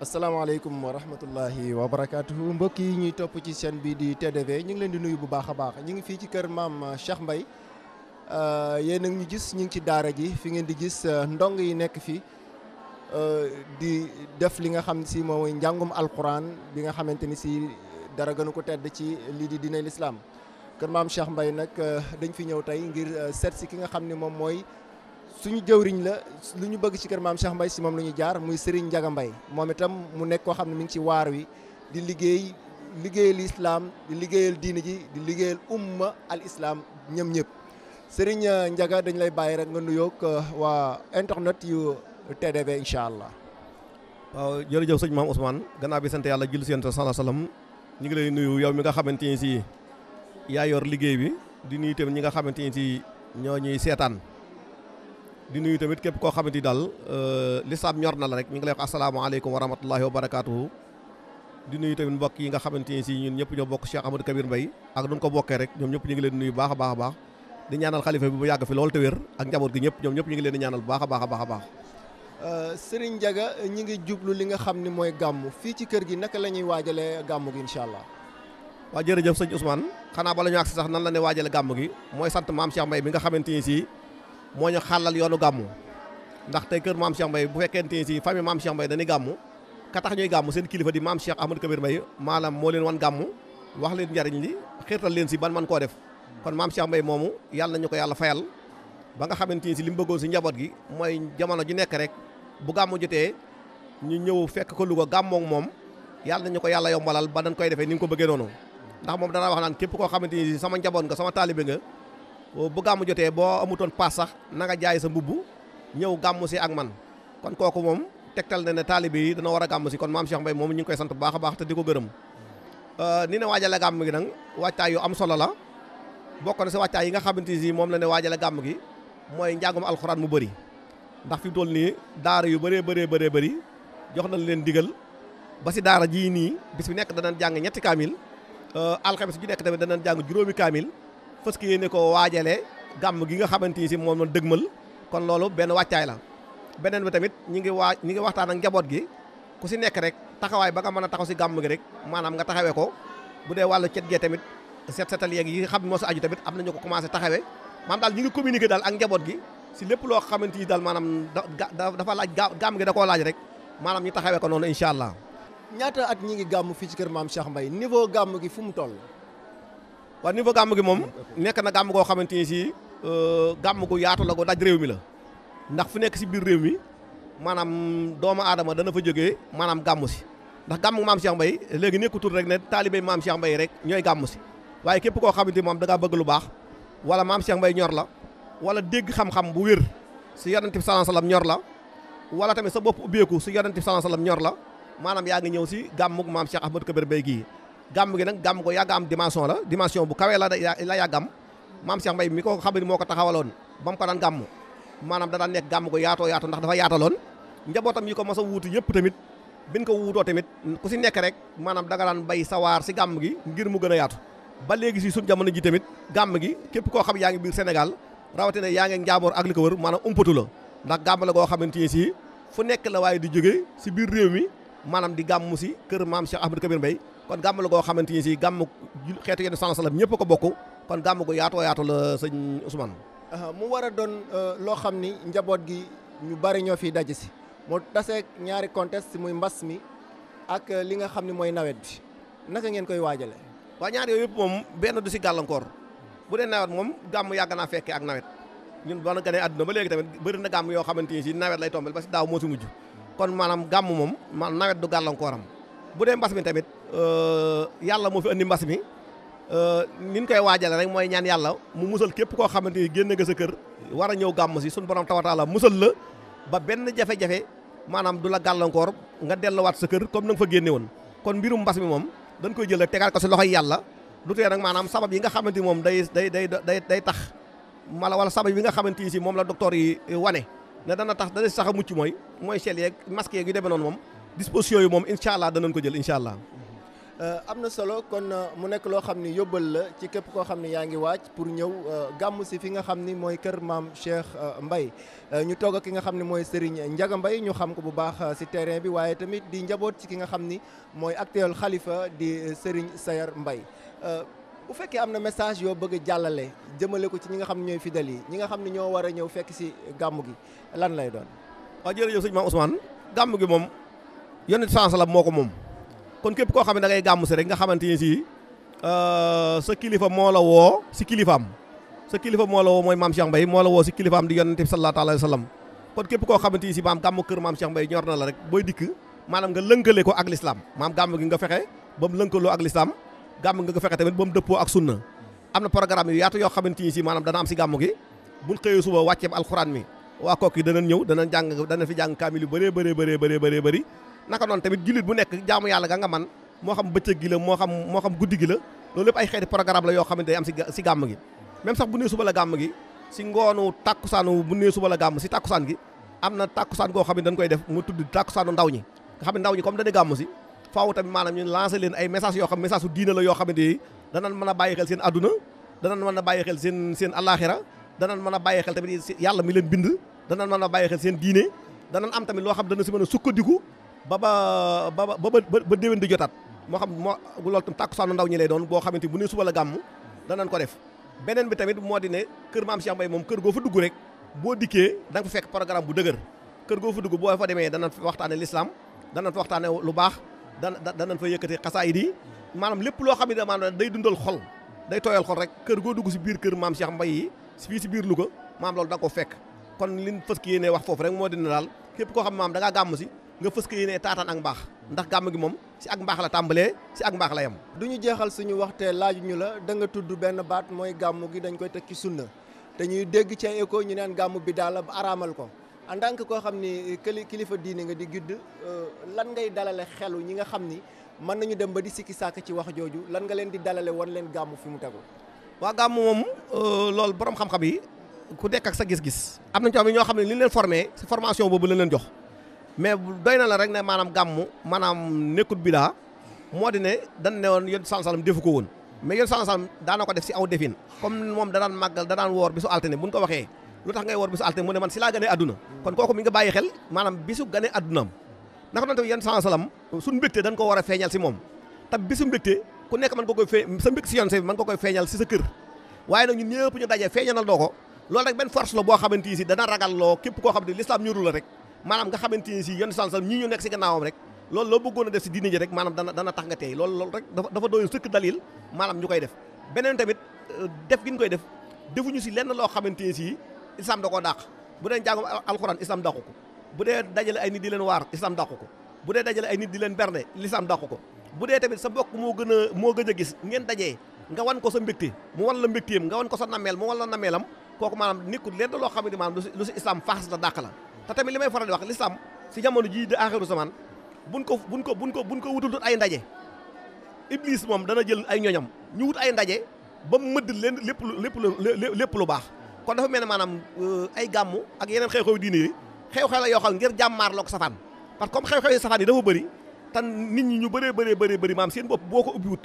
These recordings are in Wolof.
Assalamualaikum warahmatullahi wabarakatuh. wa barakatuhu mbokk yi ñuy top ci chaîne bi di TDV ñu ngi leen di nuyu bu baaxa baax ñu ngi fi ci kër mam Cheikh euh yeen nag ñu gis ñu ngi ci daara ji fi ngeen di gis euh, ndong yi nekk euh di def li nga xam si mooy jangum alquran bi nga xamanteni ci dara gënu ko tedd ci li di diine Islam. kër mam Cheikh mbay nak euh, dañ fi ñëw tay ngir euh, seet ci ki nga xamni mom moy suñu jëwriñ la luñu bëgg ci kër maam Cheikh mbay ci mom la jaar muy Serigne Ndiaga Mbaye mom itam mu nekk ko xamni mi ngi ci waar wi di liggéey liggéeyal islam di liggéeyal diini ji di liggéeyal umma al islam ñëm ñëpp Serigne Ndiaga dañ lay bàyyi rek nga nuyoog euh, wa internet yu TDB incha allah. waaw jërëjëf sëñ maam Ousmane gannaaw bi sant yàlla julli si yéen sallallahu alayhi wasallam ñu ngi lay nuyu yow mi nga xamante ni si yaa yor liggéey bi di nuyu tamit ñi nga xamante ni si ñoo ñuy seetaan di nuyu tamit kep ko xamanteni dal euh lislaam ñor na la rek ñu ngi lay wax alaykum wa rahmatullahi wa barakatuh di nuyu tamit mbokk yi nga xamanteni ni si ñun ñepp ñoo bokk Cheikh Amadou Kabir mbay ak duñ ko bokké rek ñom ñepp ñi ngi leen nuyu baax baax baax di ñaanal khalifa bi bu yàgg fi lol te wér ak njabot gi ñepp ñom ñepp ñi ngi leen ñaanal baax a baax baax euh Serigne jaga ñi ngi jublu li nga xamni ni gamu fi ci kër gi naka lañuy ñuy gamu gi inshallah wa jere jërëjëf seigne Ousmane xana ba lañu ak sax nan la ne waajale gamu gi moy sante maam Cheikh mbay bi nga xamanteni si moñu xalal yoonu gamu ndax tay keur mam Cheikh Mbaye bu fekente ci fami mam Cheikh Mbaye dañi gamu ka tax ñoy gamu seen kilifa di mam Cheikh Kabir Mbaye malam mo leen wan gamu. wax leen njariñ li xirtal leen si ban man ko def kon mam Cheikh Mbaye momu yalla nañu ko fayal ba nga xamanteni ci lim li ci njabot gi moy jamono ji nekk rek bu gamu jote ñu ñëw fekk ko gamu ak mom yalla nañu ko yalla yombalal ba dañ koy defé ni ko bëgge nonu ndax mom dana wax naan képp ko xamanteni sama njabon nga sama talibé nga bu gàmmu jotee boo amutoon naga sax na nga jaay sa mbubb ñëw gàmmu si ak man kon kooku moom tegtal na ne taalibe yi dana war a gàmmu si kon maam Cheikh mbay moom ñu ngi koy sant bu baax a baax te di ko gërëm euh, ni ne waajale gàmm gi nag waajtaay yu am solo la bokk na si waajtaay yi nga xamante si moom la ne waajale gàmm gi mooy njàngum alxuraan mu bëri ndax fi mu nii daara yu bëree bëree bëree bëri jox na leen digal ba si daara jii nii bis bi nekk danañ jàng ñetti kaamil euh, ji nekk tamit danañ jàng juróomi kaamil fës ki yéene ko waajale gàmm gi nga xamante ni si moom la dëgmal kon loolu benn wàccaay la beneen bi tamit ñi ngi waa ñi ngi waxtaan ak njaboot gi ku si nekk rek taxawaay ba nga mën a taxaw si gàmm gi rek maanaam nga taxawee ko bu dee wàllu cet gee tamit set setal yeeg yi xam moo si aju tamit am nañu ko commencé taxawee maam daal ñi ngi communiqué daal ak njaboot gi si lépp loo xamante ni daal maanaam dafa laaj gàmm gi da koo laaj rek maanaam ñu taxawee ko noonu incha ñaata at ñi ngi gàmm fii ci kër maam Cheikh Mbaye niveau gàmm gi fu mu toll waaw niveau gàmm gi moom nekk na gàmm koo xamante ni si euh, gàmm gu yaatu la ko daj réew mi la ndax fu nekk si biir réew mi maanaam doomu aadama dana fa jógee maanaam gàmmu si ndax gàmm maam Cheikh mbay léegi nekkutul rek ne taalibe maam Cheikh mbay rek ñooy gàmmu si waaye képp koo xamante moom da bëgg lu baax wala maam Cheikh Mbaye ñor la wala dégg xam-xam bu wér si yonent bi sallallahu alayhi ñor la wala tamit sa bopp ubbeeku si yonent bi sallallahu alayhi ñor la maanaam yaa ngi ñëw si gàmmug maam Cheikh Ahmadou Kabir Mbaye gii gàmm gi nag gàmm ko yàgg am dimension la dimension bu kawee la la yàgg am maam Cheikh Mbaye mi ko xam moo ko taxawaloon ba mu ko daan gàmm maanaam da daan nekk gàmm ko yaatoo yaatoo ndax dafa yaataloon njabootam yi ko mos a wuutu yëpp tamit biñ ko wuutoo tamit ku si nekk rek maanaam da nga daan bay sawaar si gàmm gi ngir mu gën a yaatu ba léegi si suñ jamono ji tamit gàmm gi képp koo xam yaa ngi biir Sénégal rawatina yaa ngi njaaboor ak li ko wër maanaam umpatu la ndax gàmm la goo xamante ni si fu nekk la waaye di jóge si biir réew mi manam di gàmmu si keur mam Cheikh ahmed Kabir mbay kon gàmm la goo xamante ni si gàmm xeetu yenn sans salam ñëpp ko bokku kon gàmm go yaato yaato la sëñ Ousmane. mu wara don doon euh, loo xam ni gi ñu bari ñoo fiy daje si mo taseeg ñaari contest muy mbas mi ak euh, li nga xamni moy nawet bi naka ngeen koy wajale wa ñaar yoy yep mom ben du ci galankor bu de nawet mom gàmm yag na fekke ak nawet ñun boo gane aduna ba legi tamit beur na gàmm yo xamanteni ni si nawet lay tombal ba si daaw moo si mujj kon manam gamu mom man nawet du gàllankooram bu dee mbas mi tamit euh, yalla mo fi andi mbas mi euh nin koy wajal rek moy ñaan yalla mu musal kep ko xamanteni genn nga sa kër wara ñew gam si sun borom tawataala musal la ba benn jafé jafé manam du la gàllankoor nga wat sa kër comme nang fa genné won kon biru mbas mi mom dañ koy jël rek tegaat ko ci loxoy yalla lu nak manam sabab yi nga xamanteni mom, day day day day day tax mala wala sabab yi nga xamanteni ci si la docteur yi wane ne dana tax dana sax a mucc mooy mooy sel yeeg masque yeeg yu demee noonu moom dispositions yi moom incha allah danañ ko jël incha allah. Euh, am na solo kon euh, mu nekk loo xam ni yóbbal la ci képp koo xam ni yaa ngi waaj pour ñëw euh, gàmm si fi nga xam ni mooy kër maam Cheikh Mbaye ñu toog ki nga xam ni mooy Serigne Ndiaga mbay ñu xam ko bu baax si terrain bi waaye tamit di njaboot ci ki nga xam ni mooy actuel xalifa di Serigne Sayar mbay bu fekkee am na message yoo bëgg a jàllale jëmale ko ci ñi nga xam ne ñooy fidèles yi ñi nga xam ne ñoo war a ñëw fekk si gàmm gi lan lay doon. waaw jërëjëf sëñ Maam Ousmane gàmm gi moom yonent sans la moo ko moom kon képp koo xam ne da ngay gàmm si rek nga xamante ni si euh, sa kilifa moo la woo si kilifaam sa kilifa moo la woo mooy maam Cheikh Mbaye moo la woo si kilifaam di yonent sa sallallahu alayhi wa sallam kon képp koo xamante ni si maam gàmmu kër maam Cheikh ñor na la rek booy dikk maanaam nga lënkale ko ak l'islam maam gàmm gi nga fexe ba lënkaloo ak gàmm nga ko fexe tamit ba mu dëppoo ak sunna am na programme yu yaatu yoo xamante ni si maanaam dana am si gàmm gi buñ xëyee suba wàcceeb alxuraan mi waa kook yi danañ ñëw danañ jàng danañ fi jàng kaamil yu bëree bëree bëree bëree bëree bëri naka noonu tamit jullit bu nekk jaamu yàlla ga nga man moo xam bëccëg gi moo xam moo xam guddi gi la loolu lépp ay xeeti programme la yoo xamante day am si si gàmm gi même sax bu nee suba la gàmm gi si ngoonu tàkkusaanu bu nee suba gàmm si tàkkusaan gi am na tàkkusaan goo xam ne dañ koy def mu tudd tàkkusaanu ndaw ñi nga xam ndaw ñi comme dañu gàmm si faaw tamit maanaam ñu lancé leen ay message yoo xam message su diina la yoo xamante ni danañ mën a bàyyi xel seen adduna danañ mën a bàyyi xel seen seen alaxira danañ mën a bàyyi xel tamit yàlla mi leen bind danañ mën a bàyyi xel seen diine danañ am tamit loo xam dana si mën a sukk sukkandiku ba ba ba ba ba déwén di jotaat moo xam moo loolu tam tàkkusaanu ndaw ñi lay doon boo xamante bu ne suba la gàmm danañ ko def beneen bi tamit moo di ne kër maam Cheikh Mbaye moom kër goo fa dugg rek boo dikkee da nga fa fekk bu dëgër kër goo fa dugg boo fa demee danañ fa waxtaane l'islam danañ fa lu baax Dan fa yëkkati xasaayid yi maanaam lépp loo xam ne maanaam day dundal xol day tooyal xol rek kër goo dugg si biir kër maam Cheikh Mbaye yi fii si biir Louga maam loolu da ko fekk kon liñ fës ki yéene wax foofu rek moo dina daal képp koo xam maam da ngaa gàmm si nga fës ki yéene taataan ak mbaax ndax gàmm gi moom si ak mbaax la tàmbalee si ak mbaax la yem duñu jeexal suñu waxtee laaju ñu la da nga tudd benn baat mooy gàmm gi dañ koy teg sunna te dégg ci écho ñu neen gàmm bi daal aramal ko en tant que ko xamni kilifa diine nga di gudd euh, lan ngay dalale xelu ñi nga xamni man nañu dem ba di sikki sak ci wax joju lan nga leen di dalale won leen gamu fi mu tegu waa gàmm moom euh, borom xam-xam yi ku dekk ak sa gis-gis am nañ ci am ñoo xamni li leen formé ci formation bobu leen leen jox mais doyna la rek ne manam gamu manam nekkut bi laa moo ne dañ neewon yeen yéen sànq sànq defu ko woon mais yéen sànq sànq da na ko def ci aw defin comme mom da màggal magal da bi wor bisu buñ ko lu tax ngay wor bisu alté mo ne man sila gané aduna kon koku mi nga bàyyi xel manam bisu gané adunam nak nante tamit sallallahu alayhi wasallam sun mbégte dan ko wara a ci mom ta bisu mbégte ku nek man ko koy fee sa mbég si yone sa man ko koy feeñal si sa kër waye nak ñun ñëpp ñu dajé feeñalal doko ko loolu rek force la bo xamanteni ci dana ragal lo. képp ko xam ne l'islam ñuru la rek manam nga xamanteni ci si sallallahu alayhi wasallam ñi ñu nek ci gannaawam rek lool lo bëggoon def ci diiné ji rek manam dana dana tax nga tay lool lool rek dafa dafa doon sëkk dalil manam ñukay def benen tamit def gi koy def defuñu ci lenn lo xamanteni ci islam dako dak bu den njàngum alquran islam dako ko bu de dajale ay nit di len war islam dako ko bu de dajale ay nit di len berne Islam dako ko bu de tamit sa bokku mo gën mo moo gis ngeen dajee nga wan ko sa mbégte mu wan la mbégteem nga wan ko sa namel mu wan la namelam kooku manam nikut lenn lo xamni manam lu islam faxas la dak la ta tamit limay faral di wax islam si jamono ji de akhiru zaman buñ ko buñ ko buñ ko buñ ko wutul ay ndaje iblis mom dana jël ay ñoñam ñu wut ay ndaje ba mu mëdd lepp lepp lepp lu baax kon dafa mel ne maanaam euh, ay gàmmu ak yeneen xew-xew diine yi xew-xew la yoo xam ngir jàmmaarloo ko safaan parce que comme xew-xew yi safaan yi dafa bëri tan nit ñi ñu bëree bëree bëree bëri maam seen bopp boo ko ubbiwut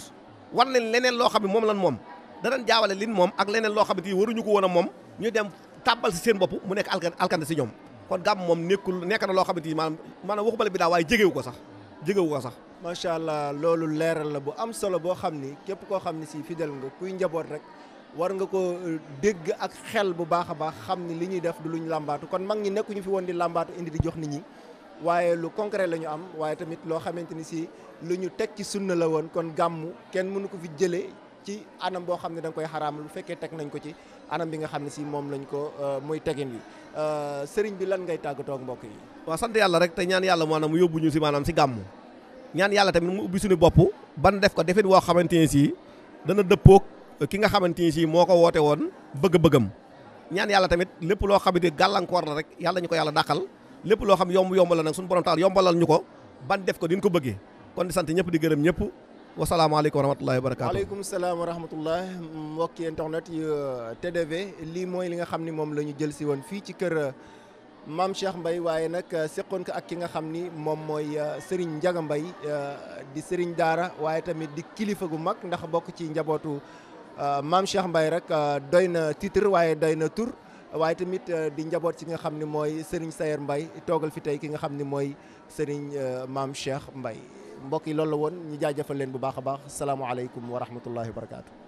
war leen leneen loo xam ne moom lan moom danaan jaawale lin moom ak leneen loo xam ne waruñu ko woon moom ñu dem tàbbal si seen bopp mu nekk alkande si ñoom kon gàmm moom nekkul nekk na loo xamante ni maanaam maanaam waxuma la bi daa waaye ko sax jegewu ko macha allah loolu leeral la bu am solo boo xam ni képp koo xam ne si fidèle nga kuy njaboot rek war nga ko euh, dégg ak xel bu baax a baax xam ni li ñuy def du luñ làmbaatu kon mag ñi nekkuñu fi woon di làmbaatu indi di jox nit ñi waaye lu concret la ñu am waaye tamit loo xamante ni si lu ñu teg ci sunna la woon kon gamu kenn mënu ko fi jëlee ci anam boo xam ne da koy xaraamal bu fekkee teg nañ ko ci anam bi nga xam ne si moom lañ ko euh, muy tegin wi euh, sëriñ bi lan ngay tàggatoo mbokk yi. waaw sant yàlla rek te ñaan yàlla maanaam mu yóbbu ñu si maanaam si gàmmu ñaan yàlla tamit mu ubbi suñu bopp ban def ko defit woo xamante ni si dana dëppoog ki nga xamanteni ci moko wote won bëgg-bëggam ñaan yalla tamit lepp lo xam ne gàllankoor la rek yalla ñuko yalla dakal lepp lo xam yomb yomb la nak suñu borom taal yombalal ñu ban def ko din ko bëgge kon di sant ñepp di wa ñëpp alaykum wa rahmatullahi wa wa alaykum salaam wa rahmatullahi mbokk internet yu euh, TDV li moy li nga xamni mom lañu jël ci won fi ci kër euh, mam Cheikh mbay waye nak euh, sekkon ko ak ki nga xamni mom moy Serigne Ndiaga mbay di Serigne dara waye tamit di kilifa gu mak ndax bok ci njabootu Euh, maam Cheikh mbay rek euh, doy na titre waaye doy na tur waaye tamit euh, di njaboot ci nga xam ni mooy Serigne Sayer mbay toogal fi tey ki nga xam ni mooy Serigne maam Cheikh mbay mbokk yi loolu la woon ñu jaajëfal leen bu baax a baax salaamualeykum wa rahmatullahi wa barakaatu.